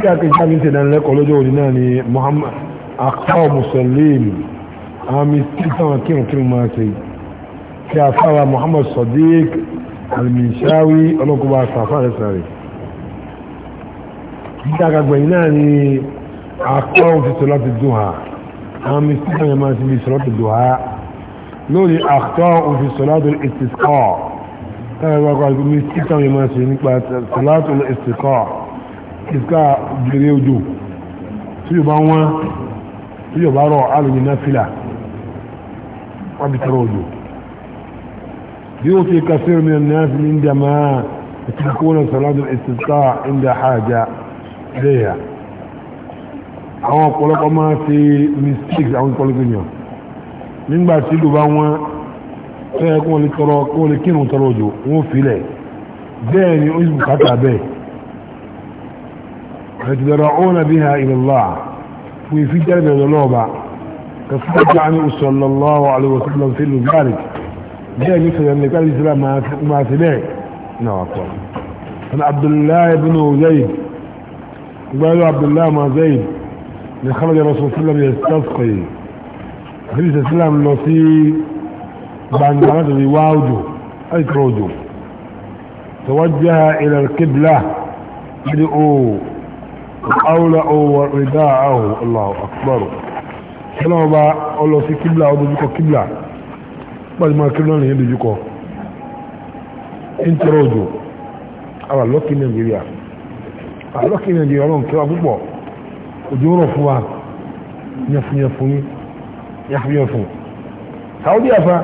tí a kì í sáàmì ṣe ìdánilẹ́kọ̀ọ́ lọ́jọ́ òní náà ni Muhammad akọ́ musulmi àmì títàn kírun kírun máa ṣe kí a fára Muhammad Sadiq almishawi ọlọ́kùnrin àṣàfà rẹ̀ sàrẹ̀ tí a kàgbẹ̀yìn náà ni akọ́ fi sọlá ti dùn ha àmì títàn yẹn máa ṣe bí sọlá ti dùn ha lórí akọ́ fi sọlá ti istisqa táwọn ẹgbẹ́ akọ́ àti títàn yẹn máa ṣe nípa sọlá ti istisqa iska gbèrè òjò tí yóò bá wọ́n tí yóò bá rọ̀ alùpùpù náà fìlà wọ́n bí tọrọ òjò bí ó ti kàṣẹ́ omi náà fi ní ìdàmà ìtìkúnà sọ̀rọ̀ ìsìnká ìdà àjà lẹ́yà àwọn ọ̀pọ̀lọpọ̀ máa ṣe mistakes àwọn ìpọ̀lọpọ̀ yàn nígbà tí ìlú bá wọ́n fẹ́ kí wọ́n lè kírun tọrọ òjò wọ́n fi lẹ̀ bẹ́ẹ̀ ni ó sì bùkátà bẹ́ẹ̀ يتدرعون بها إلى الله وفي جانب الغلوبة كصدق عنه صلى الله عليه وسلم في ذلك جاء مثل أن قال الإسلام ما سمعت نعم أقول أنا عبد الله بن زيد قال عبد الله ما زيد من خرج الرسول صلى الله عليه وسلم يستسقي خليل الإسلام لو بعد بانجلات بواوجه أي تروجه توجه إلى القبلة يدعو أولى رداءه الله أكبر كلام با الله في كبلة أو دجوكو كبلة بعد ما كبلة نهي دجوكو انت روجو أولا لوكي نيجيريا لوكي نيجيريا لون كلا بوبو ojúrò fún wa yẹfunyẹfun yẹfunyẹfun saudi afa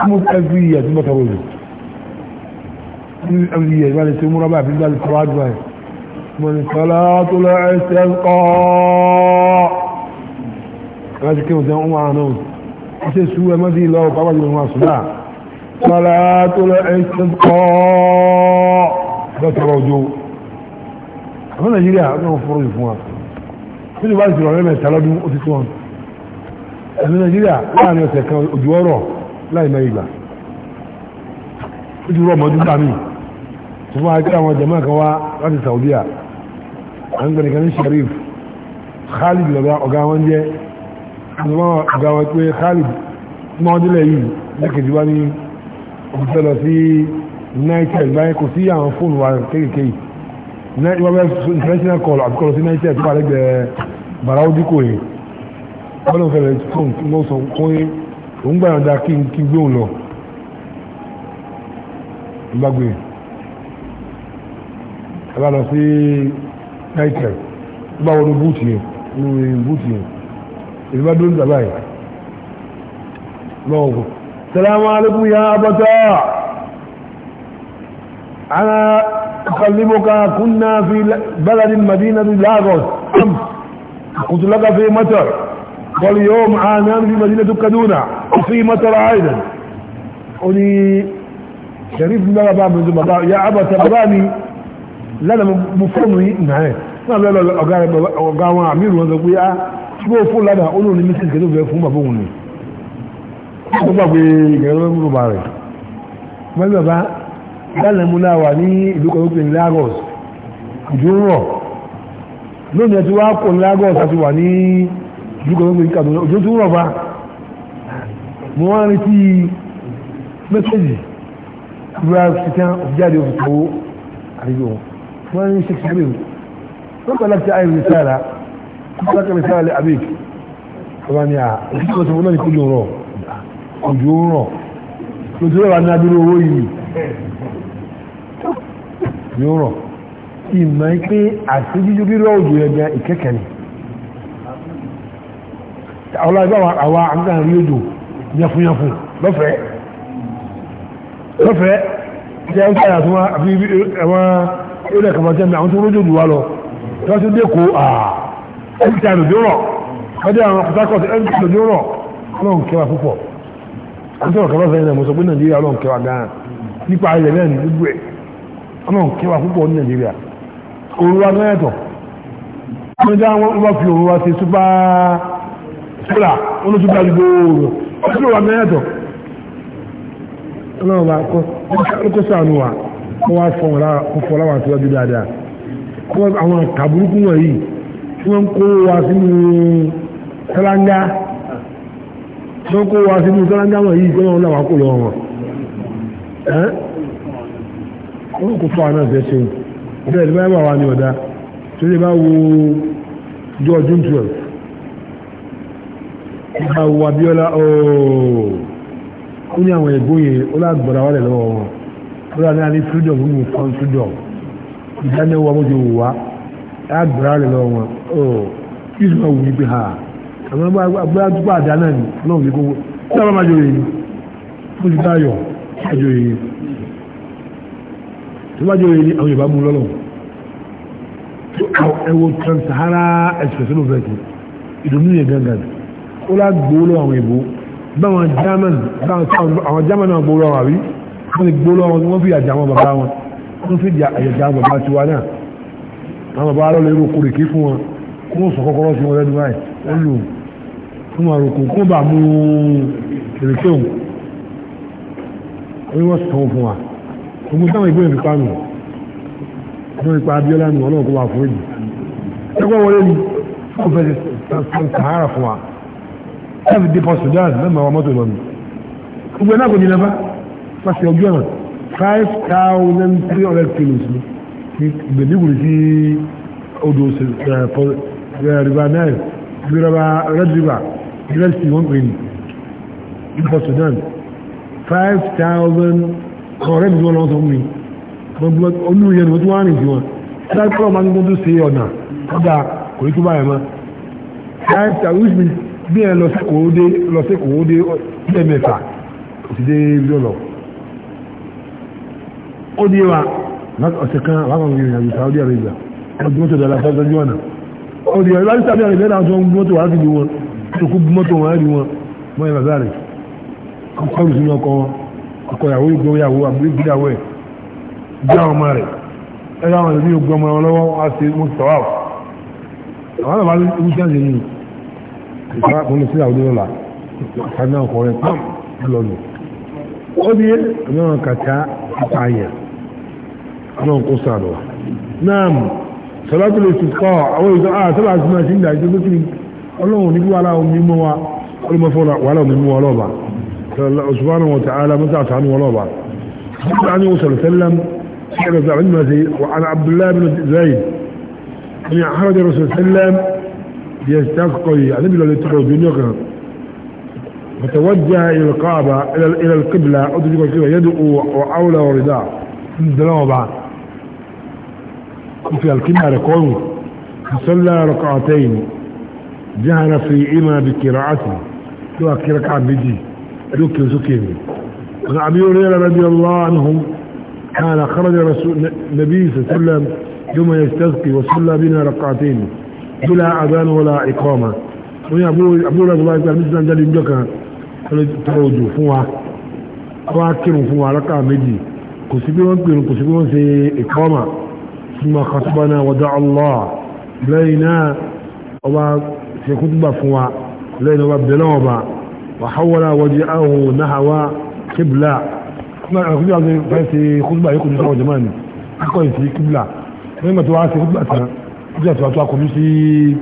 almost every year tí mo tọrọ jù every year ìbáraẹni tí mo rọ́bà àbí ìbáraẹni من صلاة الاستسقاء láti kí òsìn ọmọ àánú ṣe sú ẹmọ́ sí ilọ́ ọ̀pá wájú wọn àṣùdá sọ́lá tó lọ ẹ̀ṣẹ́ kọ́ lọ́sọ̀rọ̀ òjò àwọn nàìjíríà náà fọ́rọ̀ yìí fún wa tí ó bá ti rọrẹ́ mẹ́ta lọ́dún ó ti tó wọn ẹ̀mí nàìjíríà láàrin ọ̀sẹ̀ kan òjò ọ̀rọ̀ láì mẹ́ ìgbà ó ti rọ ọmọdún bá mi tó fún wa kí àwọn jẹ̀mọ́ kan wá láti Saudiya an gbẹ̀rẹ̀ kan sharif khalid lọ́gbà ọ̀gá wọn jẹ́ ọ̀gá wọn pé khalid mọ́dílẹ̀ yìí lẹ́kẹ̀ẹ́jì wá ní ọ̀pùsẹ́ lọ sí united báyẹ̀ kò sí àwọn fóònù wa kéèkéè wọ́n international call àbíkọ́ lọ sí united wà lẹ́gbẹ̀ẹ́ baraudiko yìí wọ́n lọ fẹ́rẹ̀ fóònù tí wọ́n sọ kó yé òun gbà yọ̀ǹda kí n gbé òun lọ ìgbàgbé ẹ bá lọ sí السلام عليكم bá wọn ní búùtì wọn salamu alaykum ya abata ana أكلمك كنا في بلد مدينة لاغوس قلت كنت لك في مطر واليوم عانان في مدينة كدونة وفي مطر أيضا قولي شريف لك بابا يا أبا تبراني lẹ́nà mo fóònù yìí nà ẹ̀ náà lọ́lọ́ ọ̀gá rẹ̀ ọ̀gá wọn àmì ìrù wọn sọ pé á tí wọ́n fóònù ládàá ó lóun ní mísìn kẹ́tọ́ fẹ́ fún bàbá òun ni ó gbà pé ìgbẹ̀rẹ̀ lọ́wọ́ fún bàbá rẹ̀ wọ́n ní bàbá lẹ́nà mo náà wà ní ìlú kan lópin Lagos ìjó ń rọ̀ lónìí ẹtí wàá kọ̀ ní Lagos àti wà ní ìlú kan lópin Kaduna òjò tó ń rọ̀ fa mo wá retí mẹ́sẹ̀jì ìgbà fìkan òfìjáde òfìtò wọ́n ní six million wọ́n kọ́ láti ayé rìsáàlà wọ́n kọ́ rìsáàlà lé abik ọba ní à òṣìṣẹ́ ọ̀sẹ̀ wọn náà ní kúlò rọ̀ òjò ń rọ̀ lójú rẹ̀ wà ní adúlé owó yìí òjò ń rọ̀ ìmọ̀ pé àti jíjú rírọ̀ òjò yẹn gan ìkẹ́kẹ́ ni àwọn ọlọ́ọ̀bá àwa àmì kan rí òjò yẹfunyẹfu lọ́fẹ̀ẹ́ lọ́fẹ̀ẹ́ jẹ́ ń káyà tó wọn àfi àwọn ó lẹ̀ kàmá jẹ́ mi àwọn tó rójò jù wá lọ tí wọ́n ti dé kó àà a lòdì rọ̀ wọ́n dé àwọn pàtàkọ̀ tí ẹni tí lòdì rọ̀ ọlọ́run kẹwàá púpọ̀ àwọn tó rọ̀ kẹwàá sẹ́yìn náà mo sọ pé nàìjíríà ọlọ́run kẹwàá gan-an nípa ilẹ̀ náà ní gbogbo ẹ̀ ọlọ́run kẹwàá púpọ̀ ní nàìjíríà kó wá fọ́ láwọn àtiwájú dáadáa kó àwọn kàbúrúkú wọ̀nyí tí wọ́n kó wá sínú sálángá tí wọ́n kó wá sínú sálángá wọ̀nyí tí wọ́n láwọn kó lọ́wọ́ wọn wọ́n kò fọ́ àná ṣe ṣe bẹ́ẹ̀ ni báyìí wà ní ọ̀dá tó lè bá wo jọ june twelve ìgbà wo Abíọ́lá ooo ó ní àwọn ẹ̀gbọ́n ó lágbọ̀dá wálẹ̀ lọ́wọ́ wọn lọ́la ní a ní freedom fún mi kan freedom ìdánilẹ́wọ́ bó ti wù wá àgbèrè rẹ̀ lọ wọn ọ kí ló wù mí pé ha àwọn agbára tó bá àdá náà ni náà ní kówó tí a bá máa jòyè ni mo ti dáyọ̀ àjòyè ni tó bá jòyè ni àwọn Yorùbá mú lọ́lọ́ ẹwọ Trans-Sahara Express ló fẹ́ kí ìdùnnú yẹn gangan ó lá gbowó lọ́wọ́ àwọn ìbò báwọn German báwọn German náà gbowó lọ́wọ́ àbí wọ́n ti gbólọ́ wọn wọ́n fi àjà àwọn bàbá wọn wọ́n fi àjà àwọn bàbá tiwa náà àwọn bàbá lọ́lọ́ irú okòrè kí fún wọn kí wọ́n sọ kọ́kọ́rọ́ sí wọn lẹ́nu báyìí wọ́n lù fún wọn àròkò kí wọ́n bá mú èrèké òun wọ́n wọ́n sọ fún wa òun táwọn ìgbóyè nípa nù wọ́n nípa Abíọ́lá nù ọlọ́run kó wà fún èyí ẹgbẹ́ wọlé ni wọ́n fẹ́ sàárà fún wa ẹ̀fì pàṣẹ ọjọ́ náà five thousand three hundred kilos ni gbèdégbèrè sí odò river nile red river red sea wọ́n pè ní ìfọ̀ Sudan five thousand ọ̀rẹ́ mi tí wọ́n lọ́wọ́ sọ fún mi onú yẹn ni wọ́n tún wá rìn sí wọn ṣáà kọ́ ọ̀ma nígbà tó ṣe ọ̀nà ọ̀dà kò ní tó báyìí mọ́ five thousand which means bí ẹ lọ sí kòó dé lọ sí kòó dé ẹ̀mẹ́fà òsì dé bílíọ̀nù ó dé wa ọ̀sẹ̀ kan wákan gbé ìrìnàjò Saudi Arabia ọdún mọ́tò dọ̀là fẹ́ sọ́jú ọ̀nà ó dé wa Saudi Arabia náà tó ń mọ́tò wá sí wọn tó kú mọ́tò wọn rí wọn mọ́ ìbàbá rẹ̀ kọ́rù sínú ọkọ̀ wọn ọkọ̀ ìyàwó ìgbéyàwó àgbégbéyàwó ẹ̀ gbé àwọn ọmọ rẹ̀ ẹ̀rọ àwọn ìlú ògbé ọmọ lọ́wọ́ wá sí mọ́tòwá ó ní ọ̀nà kàtà àpààyàn انهم قصانوا نام صلاة الاستسقاء او اذا اه سبع سماسين لا يجب مثل اللهم نقول على امي موى قل ما فولا ولا امي موى لوبا سبحانه وتعالى ما زعت عنه ولوبا حتى عني وصل سلم سيئة زعن ما زي وعن عبد الله بن زيد يعني حرج الرسول وسلم يستقي يعني بلا لتقوى بنيوك فتوجه الى القابة الى القبلة ادو جيكو كيفا ورداء من دلوبا في الكلمة ركعون صلى ركعتين جهر في إما بقراءته لو ركعة بيجي لوك زكيني عن أبي هريرة رضي الله عنه قال خرج رسول النبي صلى الله عليه وسلم يوم يستسقي وصلى بنا ركعتين بلا أذان ولا إقامة ويا أبو رضي الله عنه مثل أن جالي مجكا تروجوا فوا أواكروا فوا ركعة بيجي كسبوا كسبوا سي إقامة ثم خطبنا ودعا الله لينا في خطبة فوا لينا وبدلوبا وحول وجهه نحو قبلة في خطبة يكون نحو جماني أكوين في قبلة مما توعى في خطبة جاءت وأتواكم يسي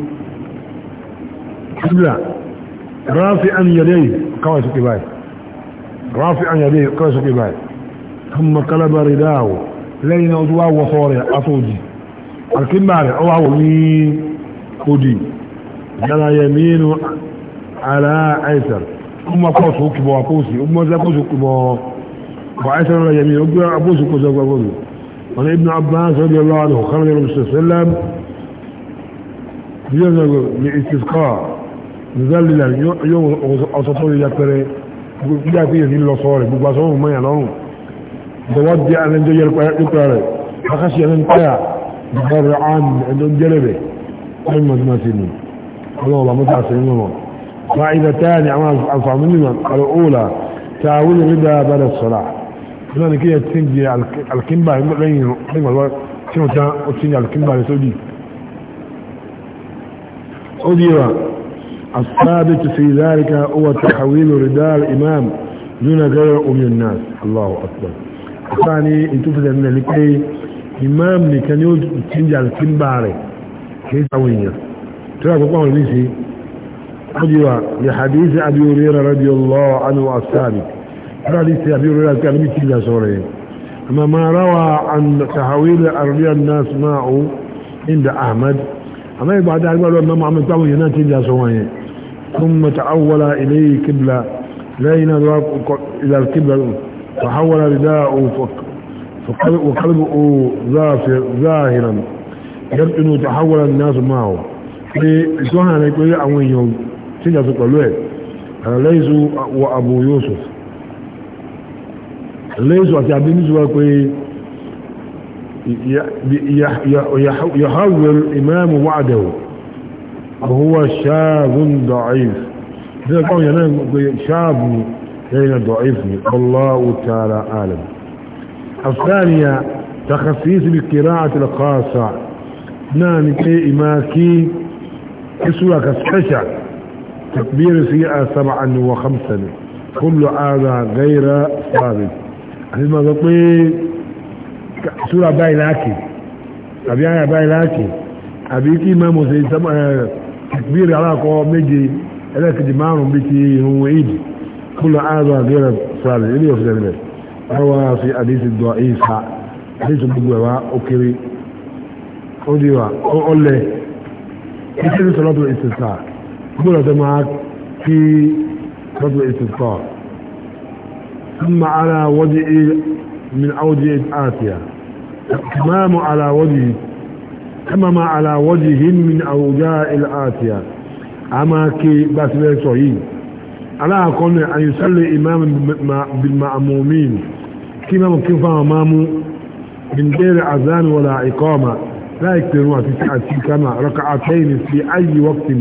قبلة رافعا يديه كويس كباية رافعا يديه كويس كباية ثم قلب رداه lẹ́yìn náà tó wá wọ́sọ rẹ̀ aṣọ òdì àkíńbà rẹ̀ ọwọ́ àwọ̀ ní òdì dára yẹmí inú ara àìsàn ó máa kọ́ ọ̀sọ̀ òkìbọ̀ àpòsí ó máa sẹ́kọ̀ọ́sọ òkìbọ̀ àìsàn rẹ̀ yẹmí ó gbé àpòsí kọjọ gbogbo wọn ibn abbas rẹ̀ lọ́wọ́ àdùn kọ́rọ̀ yẹn rẹ̀ sẹ́lẹ̀m yóò sọ ní ìsìkọ́ nìzálìlà yóò ọ̀sọ̀ tó yẹ بودع من دجل قرار فخشي من قيا بقرعان عندهم جلبه أي مدمسين قالوا الله متعسين منهم فإذا تاني عمال أنفع منهم قالوا أولى تعاول غدا بعد الصلاة لأن كده تنجي على الكنبة لين لين الوقت شنو تان وتنجي على الكنبة السعودية أدير الثابت في ذلك هو تحويل رداء الإمام دون غير أمي الناس الله أكبر sáà ní ìtúfẹ́sẹ̀ nílẹ̀ ní pé imam nìkan ni ó jíjà sí ń bá rẹ̀ kì í sáwọn èèyàn tó yà púpọ̀ àwọn ìlú أجوا لحديث أبي هريرة رضي الله عنه وأصحابه حديث أبي هريرة كان بكل سورة أما ما روى عن تحويل أرضي الناس معه عند أحمد أما بعد ذلك قالوا أنه محمد تعوي ينات إلا سورة ثم تعول إليه كبلة لا ينظر إلى الكبلة تحول رداءه وقلبه ظاهرا يبدو تحول الناس معه ìtọ́nà rẹ̀ pé àwọn èèyàn tíjà tó pẹ̀lú ẹ̀ lẹ́ìsù wa Abu Yusuf lẹ́ìsù àti àbínísù wá pé yàháwẹ̀l ìmáàmù wa'dahu àbúwà ṣáàbùn da'if حين ضعيفني الله تعالى أعلم الثانية تخصيص بالقراءة القاصة نعم إماكي كسوة كسكشة تكبير سيئة سبعا وخمسا كل هذا غير ثابت حسنا ذطي سورة باي لاكي أبي أنا آية باي لاكي أبي كي ما مسيسم تكبير على قوة مجي لكن دمارهم بكي هو إيدي كل هذا غير صالح إلي يفضل منه روى في حديث الضعيف حديث بقوة أكري أدوى أقول له كيف صلاة الاستسقاء قول جماعة في صلاة الاستسقاء ثم على وجه من أوجه آتية تمام على وجه تمام على وجه من أوجاء الآتية أما كي بس بيسوهين aláàkọ́ni àyùsálẹ̀ ìmáàmù bilma'amumin kí máa kí fáwọn máàmú bìndẹ̀rẹ̀ àzáni wọ̀lá ìkọ́ọ̀mà láì pẹ̀rù àti àti kama rọ́ka àtẹ́yìn sí ayé wọ́kìtì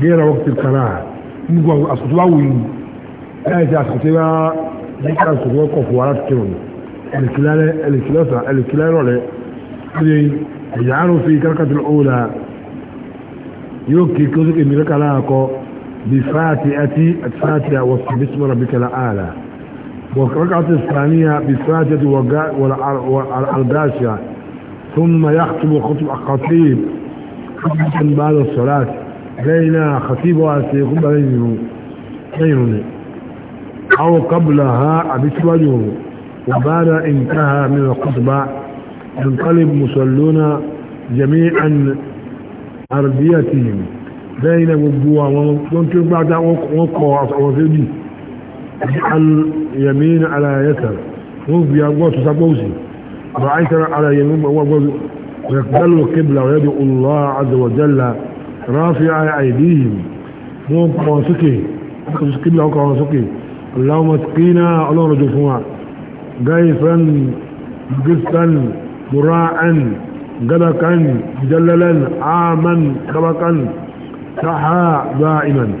gẹ́rẹ̀ wọ́kìtì kara nígbà àsùtù wá wù yìí láì sí àsùtù wá ní ká àsùtù wọ́n kọ̀ fún wa láti kírun ẹ̀lìkìlẹ̀ ẹ̀lìkìlẹ̀ rọ̀lẹ́ ẹ̀yà àrùn fi kárakàtì ọ̀la yóò kí kí ó sì kèmí rẹ́kà láàkọ́ بفاتئة الفاتحة باسم ربك الأعلى والركعة الثانية بفاتئة والعرباشة ثم يخطب خطب الخطيب خطبة بعد الصلاة بين خطيبها سيكون بينه بينه أو قبلها بسوجه وبعد انتهى من الخطبة ينقلب مصلون جميعا أرضيتهم lẹ́yìn gbogbo àwọn wọn tó gbádá wọn kọ àwọn fẹ́bí al-yamin ala yasar wọ́n fi agbọ́ tó sagbọ́ òsì bá aisar ala yamin gbogbo agbọ́dọ̀ yaqbalu qibla wa yadu Allah azza wa jalla rafi'a aydihim wọ́n kọ sókè kíbla wọ́n kọ sókè Allahumma qina ọlọ́run jù fún wa gaifan gistan mura'an gadakan jallalan aman kabakan sáà gba ìmọ̀nì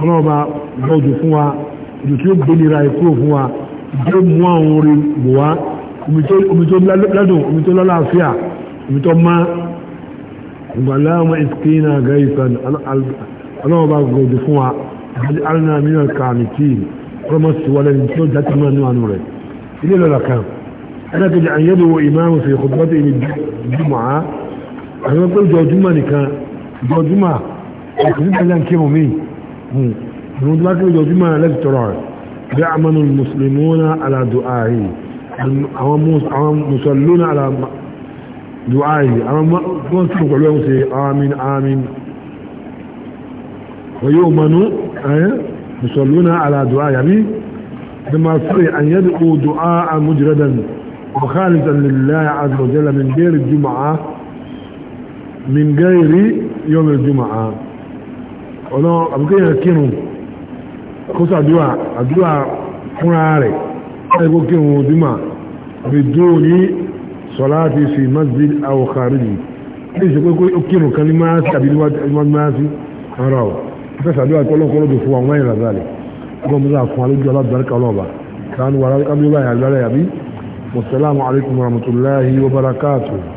ọlọ́ọ̀bá gbọ́jù fún wa ìlú tí ó gbénira ikú fún wa ìjọ mú àwọn orin bò wá omi tó ládùn omi tó lọ́láàfíà omi tó má ìgbàláàmà ìsìnkínà gáìsàn ọlọ́ọ̀bá gbọ́jù fún wa àti alina mìíràn kàmìtì promise wọlé ní tí ó jáde mọ́ nínú àánú rẹ̀ ilé لكن انت لان كيمو مين من دلوقتي ما لازم تراعي يعمل المسلمون على دعائه هم مصلون على دعائه هم مصلون على سي آمين آمين ويؤمنوا يصلون على دعائه يعني بما صري أن يدعوا دعاء مجردا وخالصا لله عز وجل من غير الجمعة من غير يوم الجمعة ọ̀nà àbúkéyàn kírun kóso àdúrà àdúrà fúnra rẹ̀ ẹgbó kírun ojúmà bìdó ní sọ̀láti fi masjid àwòkàríjì ní ìṣe pé ó kírun kan ní máa sí àbí máa sí ara ọ̀ fẹ́ sàdúrà kọ́lọ́kọ́lọ́ tó fún àwọn ìrànlá rẹ̀ ọgbọ́n mú sáà fún alójú alábàárikà ọlọ́ọ̀bà káwọn wà lábẹ́ báyà lọ́rẹ̀ àbí wassalamu alaikum